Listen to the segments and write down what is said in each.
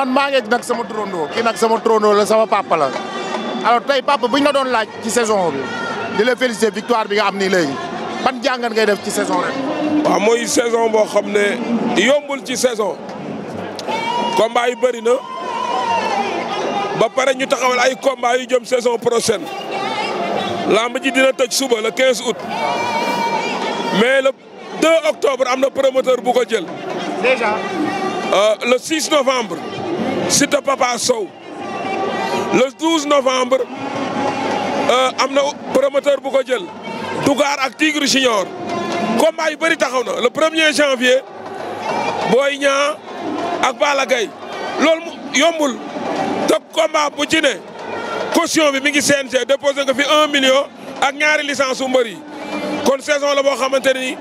man maa ngi nag sama turandoo kii nag sama turandoo la sama papa la alors tey papa bu ñu la doon laaj ci saison bi di la féliciter victoire bi nga am nii léegi ban jàngat ngay def ci saison rek. waaw mooy saison boo xam ne yombul ci saison combat yu bëri na ba pare ñu taxawal ay combat yu jëm saison prochaine lamba ji dina tëj suba le quinze août mais le 2 am na promoteur bu ko jël. déjà. Euh, le 6 novembre. Siteu Papa Sow le 12 novembre euh, am na promoteur bu ko jël Tougar ak Tigre Junior combat yu bëri taxaw na le 1er janvier Boy Niang ak Balla Gaye loolu yombul te combat bu ci ne bi mi ngi CNG déposé nga fi 1 million ak ñaari licence yu kon saison la boo xamante ni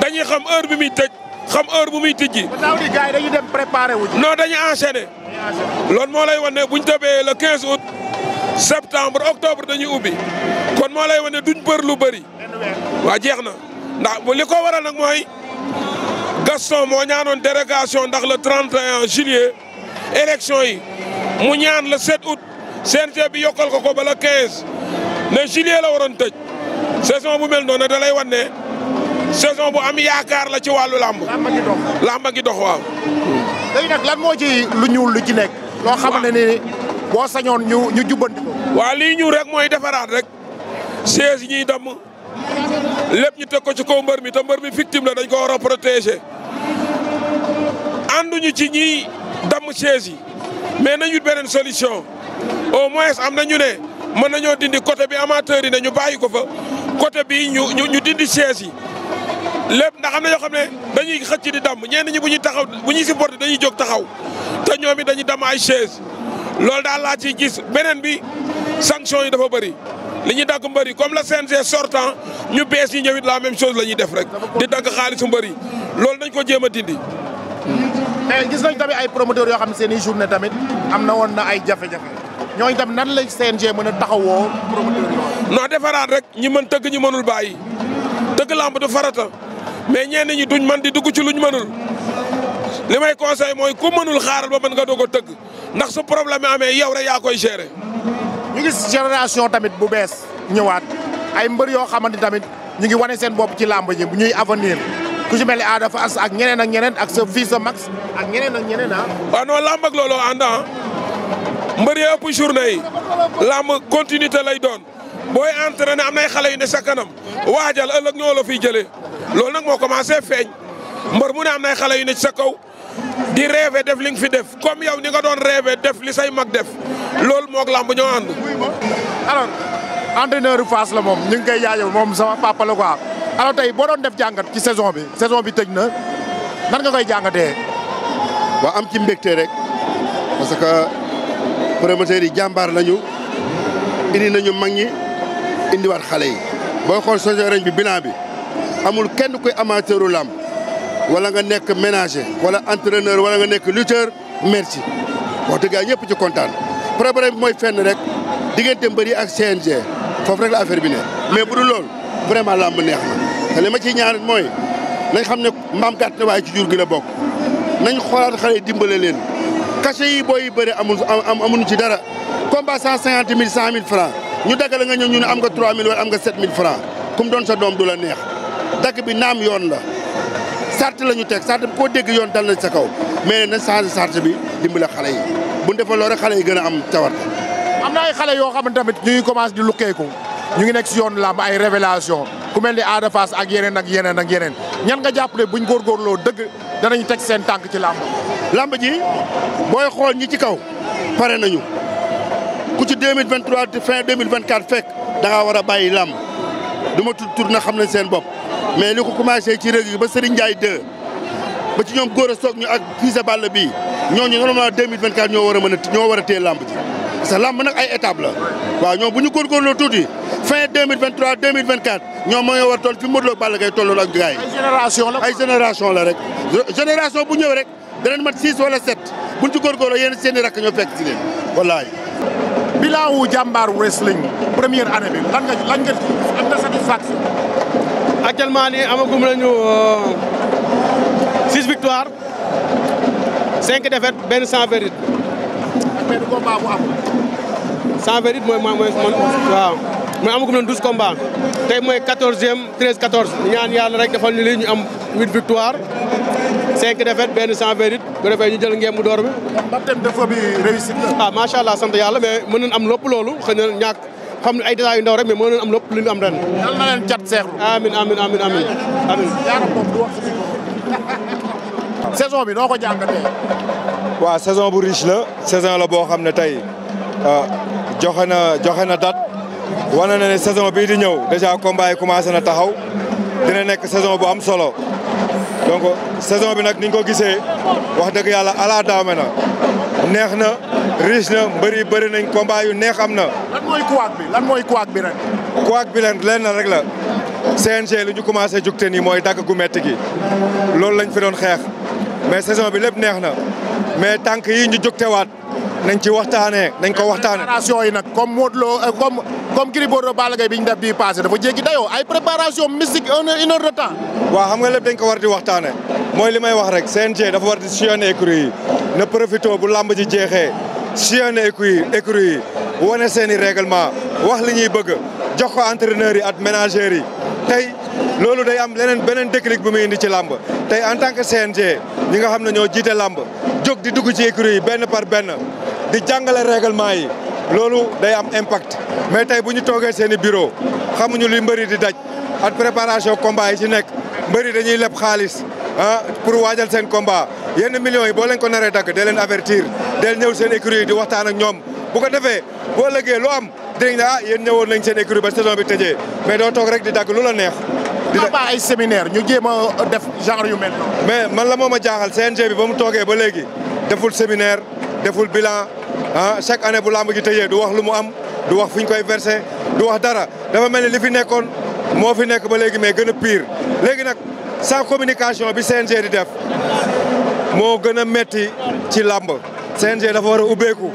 dañuy xam heure bi muy tëj xam heure bu muy tijji. bu dañuy dem wu. loolu moo lay wane bu ñu tëbee le 15 août septembre octobre dañuy ubbi kon moo lay wan ne duñ bër lu bëri. waa jeex na ndax li ko waral nag mooy Gaston moo ñaanoon dérogation ndax le 31 juillet élection yi mu ñaan le 7 août CNG bi yokkal ko ko ba la 15 ne juillet la waroon tëj saison bu mel noonu da lay wane ne saison bu am yaakaar la ci wàllu làmb. làmb gi dox waaw. léegi nag lan moo ci lu ñuul lu ci nekk. loo xam ne ni boo sañoon ñu ñu waa lii ñuul rek mooy defaraat rek chaise yi ñuy damm lépp ñu teg ko ci kaw mbër mi te mbër mi victime la dañ ko war a protéger ànduñu ci ñiy damm chaise yi mais nañu beneen solution au moins am na ne mën nañoo dindi côté bi amateur yi nañu bàyyi ko fa côté bi ñu ñu dindi chaise yi. lépp ndax am na ñoo xam ne dañuy xëcc di damm ñenn ñu bu ñuy taxaw bu ñuy supporté dañuy jóg taxaw te ñoom it dañuy damm ay chaise loolu daal laa ci gis beneen bi sanction yi dafa bëri li ñuy dagg mbëri comme la CNG sortant ñu bees yi ñëwit la même chose la ñuy def rek di dagg xaalisu mbari loolu dañ ko jéem a dindi mais eh, gis nañ tamit ay promoteurs yoo xam ne seen i journée tamit am na woon na ay jafe-jafe ñooñu tam nan la CNG mën a taxawoo promoteur defaraat rek ñi mën tëgg ñi mënul bàyyi tëgg lamb du farata mais ñenn ñi duñ man di dugg ci luñ mënul li may conseil mooy ku mënul xaaral ba mën nga doog a tëgg ndax su problème amee yow rek yaa koy gérer. ñu gis génération tamit bu bees ñëwaat ay mbër yoo xamante tamit ñu ngi wane seen bopp ci làmb ji bu ñuy avenir ku ci mel ni Ada Fass ak ñeneen ak ñeneen ak sa fils sa max ak ñeneen ak ñeneen ah. waaw non làmb ak looloo ànd ah mbër yi ëpp journée yi làmb continuité lay doon. booy entraîné am nay xale yu ne sa kanam waajal ëllëg ñoo la fiy jëlee loolu nag moo commencé feeñ mbër mu ne am nay xale yu ne ci sa kaw di rêvé def li nga fi def comme yow ni nga doon rêvé def li say mag def loolu moog làmb ñoo ànd. alors entraîneur yu Fass la moom ñu ngi koy jaajëf moom sama papa la quoi alors tey boo doon def jàngat ci saison bi saison bi tëj na nan nga koy jàngatee. waaw am ci mbégte rek parce que promoteurs yi jàmbaar nañu indi nañu mag ñi. indiwaat xale yi booy xool soso reñ bi bilan bi amul kenn kuy amateuru làmb wala nga nekk ménager wala entraîneur wala nga nekk lutteur mersi wax dëgg ñëpp ci kontaan problème bi mooy fenn rek diggante mbër yi ak CNG foofu rek la affaire bi ne mais bu dul loolu vraiment làmb neex na ma ciy ñaanit mooy nañ xam ne mbaam gàtt ne waaye ci jur gi la bokk nañ xoolaat xale yi dimbale leen cachet yi booy yi bëre amul amuñu ci dara combat cent cinquante mille cent mille francs ñu dagale nga ñëw ñu ne am nga 3000 wala am nga 7000 francs kum doon sa doom du la neex dagg bi naam yoon la sart la ñu teg sart bi koo dégg yoon dal na sa kaw mais na changé sart bi dimbale xale yi bu ñu defaloo rek xale yi gën a am cawarte. am na ay xale yoo xam ne tamit ñu ngi commencé di lukkeeku ñu ngi nekk si yoon làmb ay révélation ku mel ni Ada Fass ak yeneen ak yeneen ak yeneen ñan nga jàppale buñ loo dëgg danañ teg seen tànk ci làmb. làmb ji booy xool ñi ci kaw pare nañu. ku ci 2023 fin 2024 fekk da ngaa war a bàyyi làmb du ma tudd tur na xam nañ seen bopp mais li ko commencé ci rëg yi ba Serigne Ndiaye 2 ba ci ñoom góor a soog ñu ak Fisa Balla a mën ñoo war a téye làmb ji parce que làmb nag ay étape la ñoom bu ñu góorgóorloo tuuti fin 2023 2024 ñoom moo ngi war toll fi Modou Lo Balla Gaye tollool ak gars yi. ay génération la ay génération la rek. génération bu ñëw rek danañ mat 6 wala 7 buñ ci góorgóorloo yéen seen i rakk ñoo bilan wu jàmbaar wrestling première année bi lan nga lan nga am nga satisfaction. actuellement nii amagum nañu euh, six victoires cinq défaites benn sans verdict. ak benn combat bu am. sans verdict mooy mooy mooy waaw mooy amagum nañu douze combats tey mooy quatorzième treize quatorze ñaan yàlla rek defal ñu lii ñu am huit victoires. cinq défaites benn sans verdict bu defee ñu jël ngemb door bi. baptême ah, macha allah sant yàlla mais mën nañu am lépp loolu xëy na ñàkk xam ne ay détails yu ndaw rek mais mën nañu am lépp lu ñu am ren. yal na leen cat seexlu. amiin amiin amiin amiin amiin. saison bi noo ko jàngatee. waaw saison bu riche la saison la boo xam ne tey euh, joxe na joxe na date wane na ne saison bii di ñëw déjà combat yi commencé na taxaw dina nekk saison bu am solo. donc saison bi nag ni ko gisee wax dëgg yàlla ala daame na neex na riche na mbëri bëri nañ combat yu neex am na. lan mooy couac bi lan mooy couac bi ren. couac bi ren lenn rek la CNG lu ñu commencé jugte nii mooy dagg gu metti gi loolu lañ fi doon xeex mais saison bi lépp neex na mais tànk yi ñu jugtewaat nañ ci waxtaanee nañ ko waxtaanee. génération yi nag comme Modou Lo euh, comme comme Gris Bordeaux Balla Gaye bi ñu def bii passé dafa jéggi dayoo ay préparation mystique une heure de temps. waaw xam nga lépp dañ ko war di waxtaane mooy li may wax rek CNG dafa war di sillonner écurie yi na profité bu làmb ji jeexee sillonner écurie écurie yi wane seen i règlement wax li ñuy bëgg jox ko entraîneurs yi ak ménagères yi tey loolu day am leneen beneen technique bu muy indi ci làmb tey en tant que CNG ñi nga xam ne ñoo jiite làmb jog di dugg ci écurie yi benn par benn di jàngale règlement yi loolu day am impact mais tey bu ñu toogee seen i bureau xamuñu luy mbëri di daj ak préparation combat yi ci nekk mbëri dañuy leb xaalis ah pour waajal seen combat yenn million yi boo leen ko naree dagg dee leen avertir deel ñëw seen écurie di waxtaan ak ñoom bu ko defee boo lëggee lu am dinañ ne ah yéen ñëwoon nañ seen écurie ba saison bi tëjee mais doo toog rek di dagg lu la neex. dina ba ay séminaire ñu jéem a def genre yu mel mais man la moom a jaaxal CNG bi ba mu toogee ba léegi deful séminaire deful bilan. ah chaque année bu lamb ji tëjee du wax lu mu am du wax fu ñu koy versé du wax dara dafa mel ni li fi nekkoon moo fi nekk ba léegi mais gën a pire. léegi nag sans communication bi CNG di def moo gën a metti ci làmb CNG dafa war a ubbeeku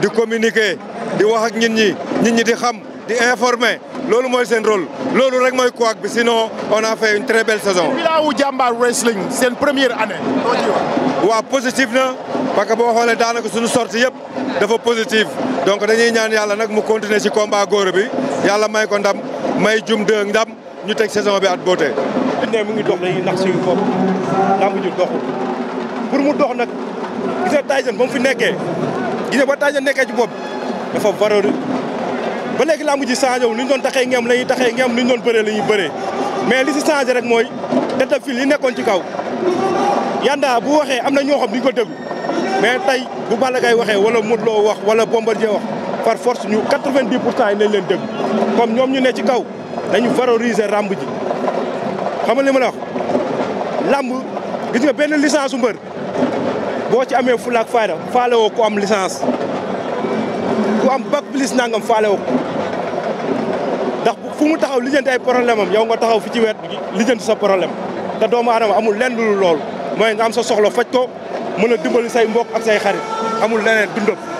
di communiquer di wax ak nit ñi nit ñi di xam. di informé loolu mooy seen rôle loolu rek mooy couac bi sinon on a fait une très belle saison. bilan wu wrestling seen première année. waaw positif na parce que boo xoolee daanaka suñu sortie yëpp dafa positif donc dañuy ñaan yàlla nag mu continuer ci combat góor bi yàlla may ko ndam may jum de ndam ñu teg saison bi at boote. ne mu ngi dox dañuy nax suñu bopp làmb ji doxul pour mu dox nag gis nga Tyson fi nekkee gis nga ba Tyson nekkee ci bopp dafa valeur ba léegi lamb ji changé wu li ñu doon taxee ngeem la ñuy taxee ngeem li ñu doon bëree la ñuy bëree mais li si changé rek mooy tête de file yi nekkoon ci kaw Yanda bu waxee am na ñoo xam duñ ko déglu mais tey bu Balla Gaye waxee wala Modou Lo wax wala Bombardier wax par force ñu 90 pour cent yi nañ leen déglu comme ñoom ñu ne ci kaw dañu valoriser lamb ji xam nga li ma la wax lamb gis nga benn licence su boo ci amee fu ak fayda faale woo ku am licence ku am nangam faale mu taxaw lijjanti ay problème am yow nga taxaw fi ci wet lijjanti sa problème te doomu adama amul lenn lu loolu mooy nga am sa soxla faj ko mën a dimbali say mbokk ak say xarit amul leneen dundam